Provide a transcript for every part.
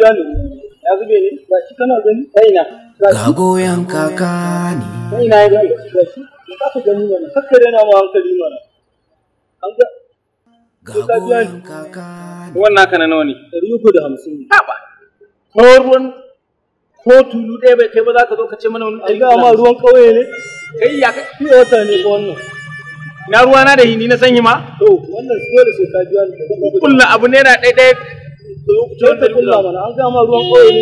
Sufyanu ya zube ne ba shi kana gani ta ina ga goyon kaka ne ta ina ya gani ba shi ba ka gani mana kakkare na mu hankali mana an ga ga goyon kaka ne wannan kana nawa ne ɗari ne ba ko ruwan ko tulu ɗaya bai kai ba za ka zo ka ce mana wani ɗari uku ruwan ƙauye ne kai ya ka fiye wata ne ko wannan na ruwana da hini na sanyi ma to wannan dole sai ka biya ni kullum abu ne na ɗaiɗaya to yi an gama ruwan ƙoyi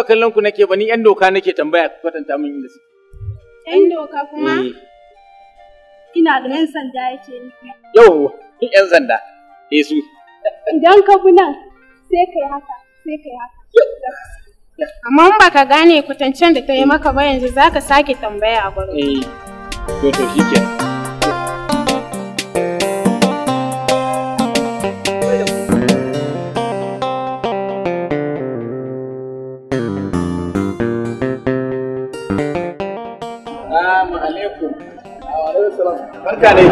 ba kallon ku nake ba ni yan doka nake tambaya ku kwatanta min inda suke. Yan doka kuma? Eh. Ina da yan sanda yake nufi. Yau, ni yan sanda. Eh su. Idan ka bi nan sai kai haka, sai kai haka. Amma in baka gane kwatancen da ta yi maka ba yanzu zaka sake tambaya a gurin. Eh. To to kenan. Barka ne.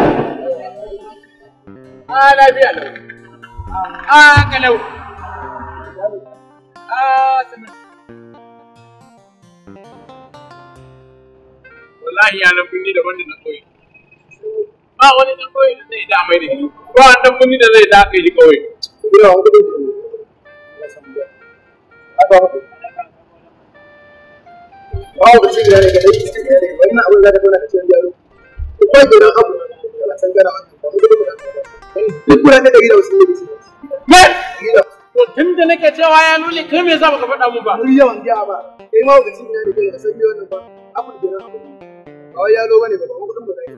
A ah, lafiya A kalau. A ah, ah, sanar. Wallahi ya nan kunni da na koyi. Ba wani na koyi da zai damai da ni. Ba wani na kunni da zai dafe ni kawai. Babu shi da ne ga dai, wannan abin da ba tona ka ce kowa nake cewa ya nuli kai me yasa baka faɗa mu ba ni yawan biya ba kai ma wakacin ya da kai san biyo ba abu da nan abu ba wai yalo bane ba ba kudin mu da yi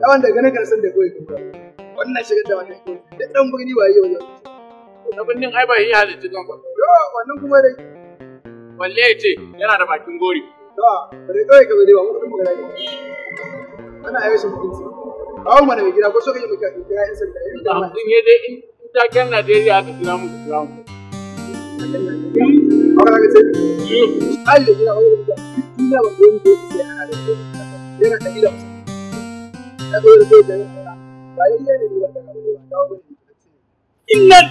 yawan daga ne san da koyi kuma wannan shigar da wannan da dan birni waye yau yau na birnin ai ba yi halitta kan ba yo wannan kuma dai walle ce yana da bakin gori to bare kai ka bare ba mu kudin mu da Ana a rashin mana mai gida ko so kira sanda. dai in Najeriya aka kira mu kira mu. ni a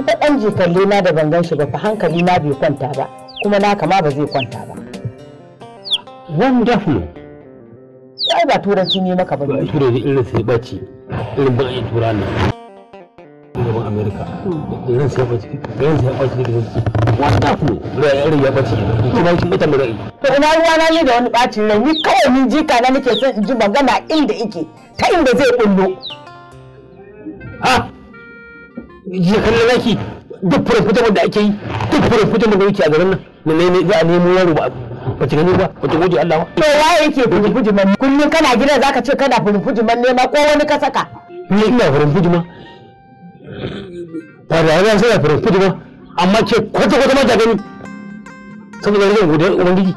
da ta ɗan jikalle na da ban gan ba fa hankali na bai kwanta ba kuma naka ma ba zai kwanta ba wonderful ai ba turanci ne maka ba ne turanci irin sai bacci. irin ba ai turan nan gaban Amerika. irin sai bacci. irin sai bace ne wonderful irin ya bace kuma shi mutane da to ina ruwa na yi da wani bacin rai ni kawai min jika na nake son in ji magana inda ike ta inda zai kullo ha jiya lalaki duk fura fitar da ake yi duk fura fitar da ake a garin nan na nemi za a nemo yaro ba ba ki gani ba ba ki gode Allah ba to waye yake furfuji man kullun kana gidan zaka ce kana furfuji man nema ko wani ka saka ni ina furfuji man ba da ran sai furfuji man amma ke kwata kwata ma ta gani saboda zan gode ubangiji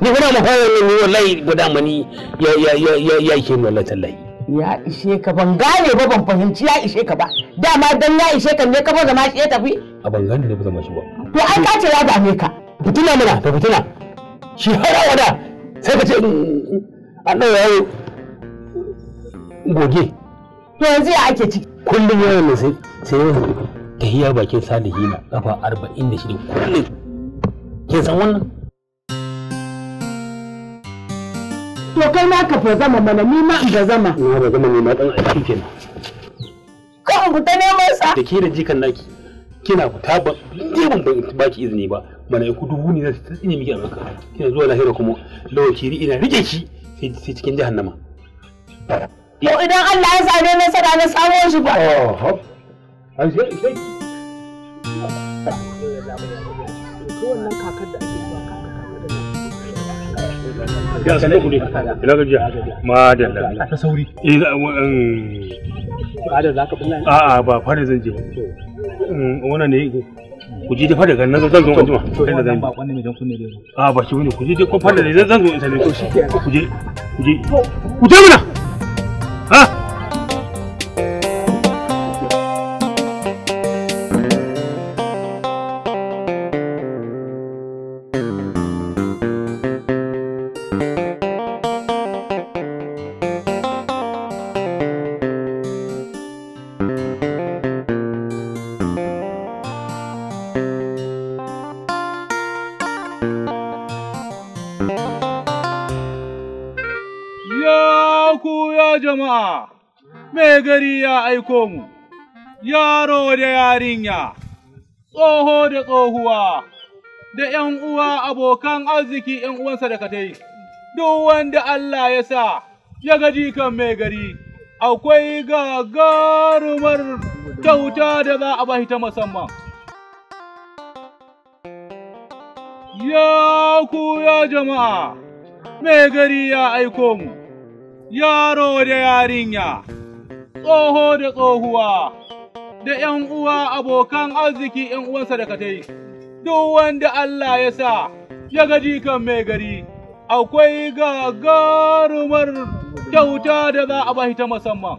ni kuma ma fara ne wallahi guda mani ya ya ya ya ke wallahi tallahi ya ishe ka ban gane ba ban fahimci ya ishe ka ba dama dan ya ishe ka ne ka ba zama shi ya tafi a ban gane ne ba zama shi ba to an kace ya dame ka fituna mana ta fituna shi har wada sai ka ce mm, mm, mm, an dawo yawo goge to yanzu ya ake ciki kullum yawan ne sai sai yawan tahiyar bakin salihina kafa 46 kullum kin san wannan To kai na ka bazama mana ni ma in zama. Na zama ne ma dan aiki kenan. Kan ta neman sa. Da ke da jikan naki kina fita ba ban ba ki izini ba mana ku dubu ne zai tsine miki a albarka kina zuwa lahira kuma ri ina rike ki sai cikin jahannama. ko idan Allah ya same nasara na samu shi ba. Oh, Ai sai sai. Ko wannan kakar da ake ya san ku ina gajiya madalla a ta sauri eh madalla um, ka bulla a a ba fara zan je um, wannan ne ku ji dafa daga nan zan zo an jima da zan ba kwanne mai dan kunne da a ba shi bane ku ji ko fara zan zo in sane ku je ku je ku je mana aiko mu, yaro da yarinya, tsoho da tsohuwa, da ’yan uwa abokan arziki ’yan uwansa da katai, duk wanda Allah ya sa ya gaji kan mai gari, akwai gagarumar kyauta da za a bashi ta musamman. Ya ku ya jama'a, mai gari ya aiko mu, yaro da yarinya. tsoho da tsohuwa, da ‘yan uwa abokan arziki ‘yan uwansa da katai, duk wanda Allah ya sa ya gaji kan mai gari, akwai gagarumar kyauta da za a bashi ta musamman.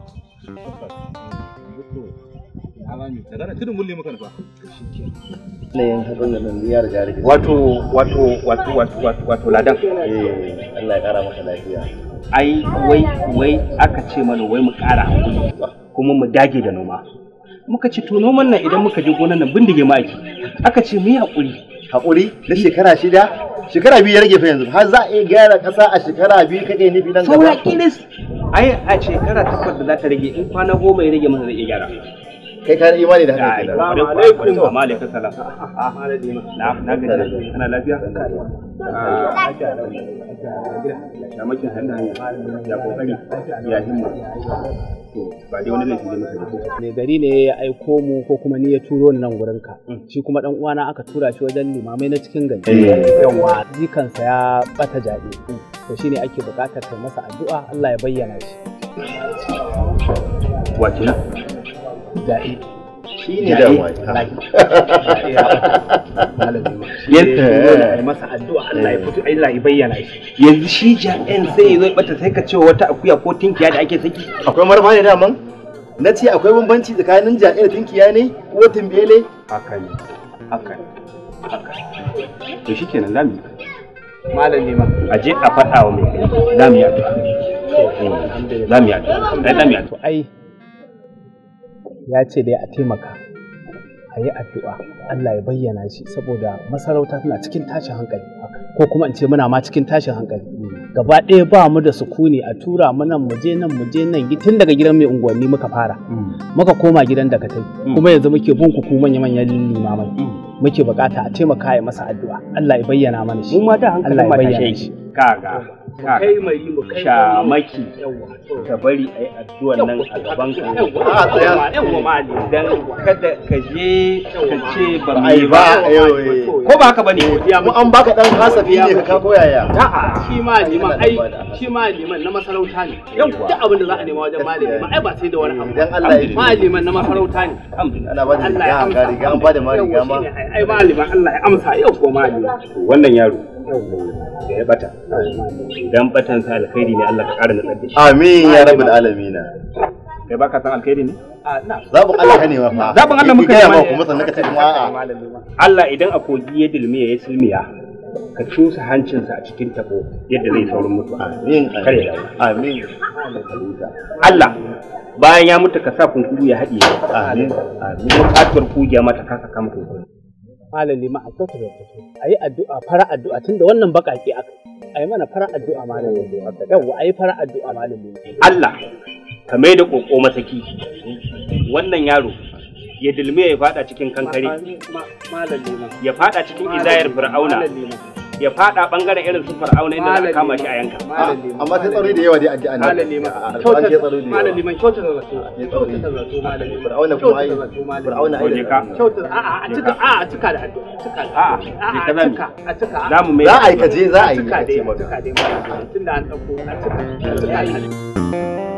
Wato, wato, wato, wato, wato, ladan. Allah ya kara masa lafiya. ai wai wai aka ce mana wai mu ƙara hakuri kuma mu dage da noma muka ce to noman nan idan muka je gonan nan bindige ma ake aka ce mu yi hakuri hakuri na shekara shida shekara biyu ya rage fa yanzu har za a iya gyara ƙasa a shekara biyu ni nufi nan gaba saura a shekara takwas da za ta rage in kwana goma ya rage masa zai iya gyara kai ka imani da haka ke assalamu alaikum wa ah, alaikum ah, salam na na gaji kana lafiya na makin hannun ya kokari ya himma ba dai wani laifi ne masa da ne gari ne ya aiko mu ko kuma ni ya turo ni nan gurin ka mm. shi kuma dan uwana aka tura shi wajen limamai na cikin gari eh. yawa jikansa ya bata jabi. Mm. to shine ake bukatar kai masa addu'a Allah ya bayyana shi wa kenan ga ita shi ne da yanzu shi ja'en sai ya zo bata sai ka ce wata akuya ko tinkiya da ake saki akwai marfa ne daman na ce akwai bambanci tsakanin ja'en da tinkiya ne ko tumbele haka ne haka ne haka to shikenan lami malami ma a je a faɗa wa mai kai lami ya lami ya lami ya to. Eh, ya ce dai a taimaka a yi addu'a Allah ya bayyana shi saboda masarauta tana cikin tashin hankali ko kuma in ce muna ma cikin tashin hankali gaba ɗaya ba mu da sukuni a tura mu nan muje nan muje nan tun daga gidan mai unguwanni muka fara muka koma gidan da katai kuma yanzu muke bin ku manya manyan limamai muke bukata a taimaka ya masa addu'a Allah ya bayyana mana shi mu ma bayyana. kaga kai mai mu kai shamaki ka bari ai addu'an nan a gaban ka a tsaya dan kada ka je ka ce ba ai ba ko ba haka bane mu an baka dan kasafi ne ka koyaya a'a shi ma liman ai shi ma liman na masarauta ne yan duk abin da za a nema wajen malami ma ai ba sai da wani abu dan Allah ya na masarauta ne Allah ya amsa riga an ma riga ma ai Allah ya amsa yau ko malami wannan yaro da ya bata idan batan sa alkhairi ne Allah ka ƙara na tsaddi amin ya rabbul alamin kai baka san alkhairi ne zabin Allah ne nema fa zabin Allah muka yi ma kuma sannan ka ce kuma a'a Allah idan a kogi ya ya silmiya ka cusa hancinsa a cikin tabo yadda zai saurin mutu amin kare amin Allah bayan ya mutu ka sa kunkuru ya haɗiye amin amin bukatar kugiya mata kasa kama kunkuru malali ma a kyauta da a yi addu'a fara addu'a tun da wannan bakake aka a yi mana fara addu'a malami yawwa a yi fara addu'a malami Allah ka mai da ƙoƙo masaki wannan yaro ya dilmi ya fada cikin kankare ya fada cikin izayar fir'auna ya fada bangaren irin su fir'auna inda aka kama shi a yanka amma sai tsaro da yawa dai addu'a ne malami ma malami ma kyauta da zato kyauta da zato malami fir'auna kuma ai fir'auna ai a cika a a cika da addu'a cika a cika a cika za mu mai za a aikace za a yi cika dai cika dai malami tunda an dauko a cika cika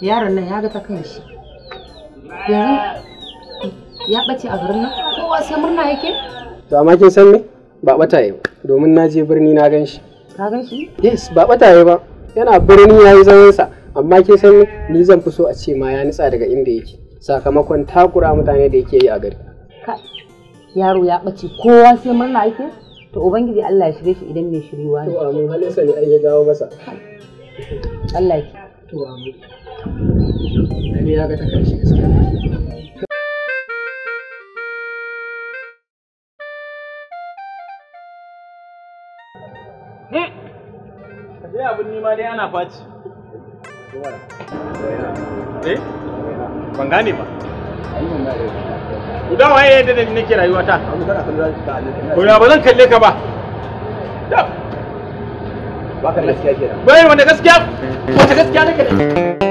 yaron nan ya ga ta kan shi yanzu ya ɓace a garin nan kowa sai murna yake to amma kin san me ba ɓata yi ba domin na je birni na gan shi ka gan shi yes ba ɓata yi ba yana birni ya yi sa amma kin san me ni zan fi so a ce ma ya nitsa daga inda yake sakamakon takura mutane da yake yi a gari yaro ya ɓace kowa sai murna yake to ubangiji Allah ya shirye shi idan mai shirywa ne to amin halinsa ne ai ya gawo masa Allah ya fitowa mu dani abin dai ana faci. Eh? Ban gane ba. waye yadda da nake rayuwata? Ko ba zan kalle ka ba. Baka da gaskiya kenan. Bayan wanda gaskiya? Wata gaskiya nake da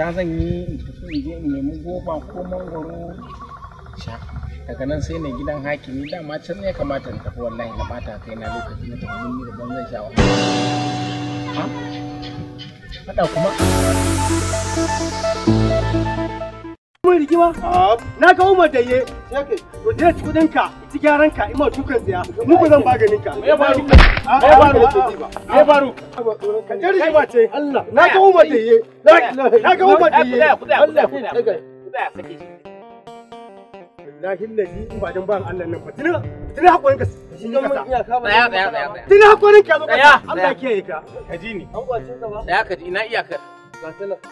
fita zan yi in tafi in je in nemi goba ko mangwaro sha daga nan sai na gidan hakimi dama can ne kamata in tafi wallahi na bata kai na lokaci na tafi mun da ban zan sha wa kuma kun rigima? Na ga Umar da ye. To je ci kudin ka, ci gyaran ka, ima dukan tsaya. Mu ku zan maganin ka. Me faru? Me faru? Me faru? Ka je rigima ce. Allah. Na ga Umar da ye. Na ga Umar da ye. Allah. Lahin da ji ba dan ban Allah nan fa. Tuna tuna hakurin ka. Tsaya tsaya tsaya. Tuna hakurin ka zo ka. Allah kiyaye ka. Ka ji ni. An kwace ka ba. Tsaya ka ji ina iyakar. Ba talaka.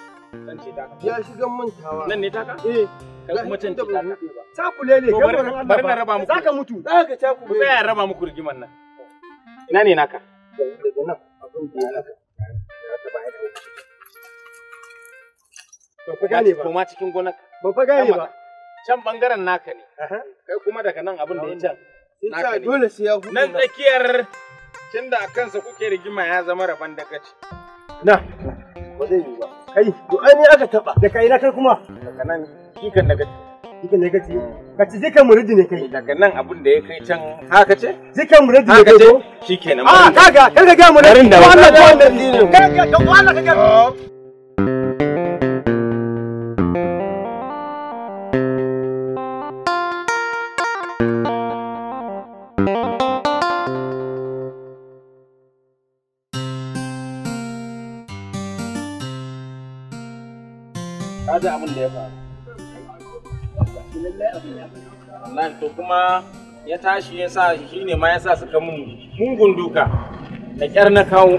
Ya shigan mantawa. Nan ne taka? Eh. Ka kuma ne Bari na raba muku. Zaka mutu. Zaka cakule. bangaren naka ne. Kai kuma daga nan da ya can. Naka ne. Dole sai a kansa kuke rigima ya zama rabon dagaci. Na. Kai, to ai ni aka taba. Da kai na kai kuma. Daga nan shi daga Shi daga ci. Ka ci zikan muridi ne kai. Eh, daga nan abun da ya kai can haka ce? Zikan muridi ne kai. kenan. Ah, kaga, kaga ga muridi. wannan wannan ne. Kaga, to Allah kaga. Oh. ka ji abin da ya faru wallahi to kuma ya tashi ya sa shi ne ma ya sa suka mun mungun duka da kyar na kawo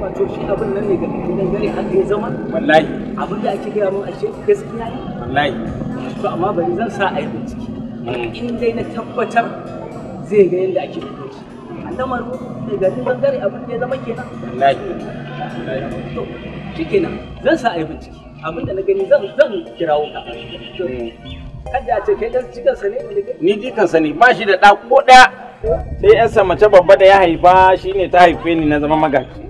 wato shi abin nan ne ga gidan gari har ya zama wallahi abin da ake gaya mun ashe gaskiya ne wallahi to amma bari zan sa ai ciki. Mm. in dai na tabbatar zai ga yadda ake fito shi alamar daga gidan gari abin da ya zama kenan wallahi to shikenan zan sa ai bincike abin da na gani zan zan hmm. ne ni ne ba shi da ɗa ko ɗaya sai yansa mace babba da ya haifa shine ta haife ni na zama magaji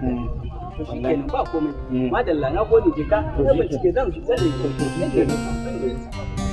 hmm. ba komai hmm. madalla na gode jika bincike zan zan ne